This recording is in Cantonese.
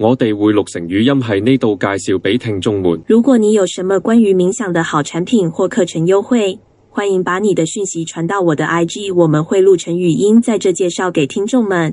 我哋會錄成語音，喺呢度介紹俾聽眾們。如果你有什麼關於冥想的好產品或課程優惠，歡迎把你的訊息傳到我的 IG，我們會錄成語音，在這介紹給聽眾們。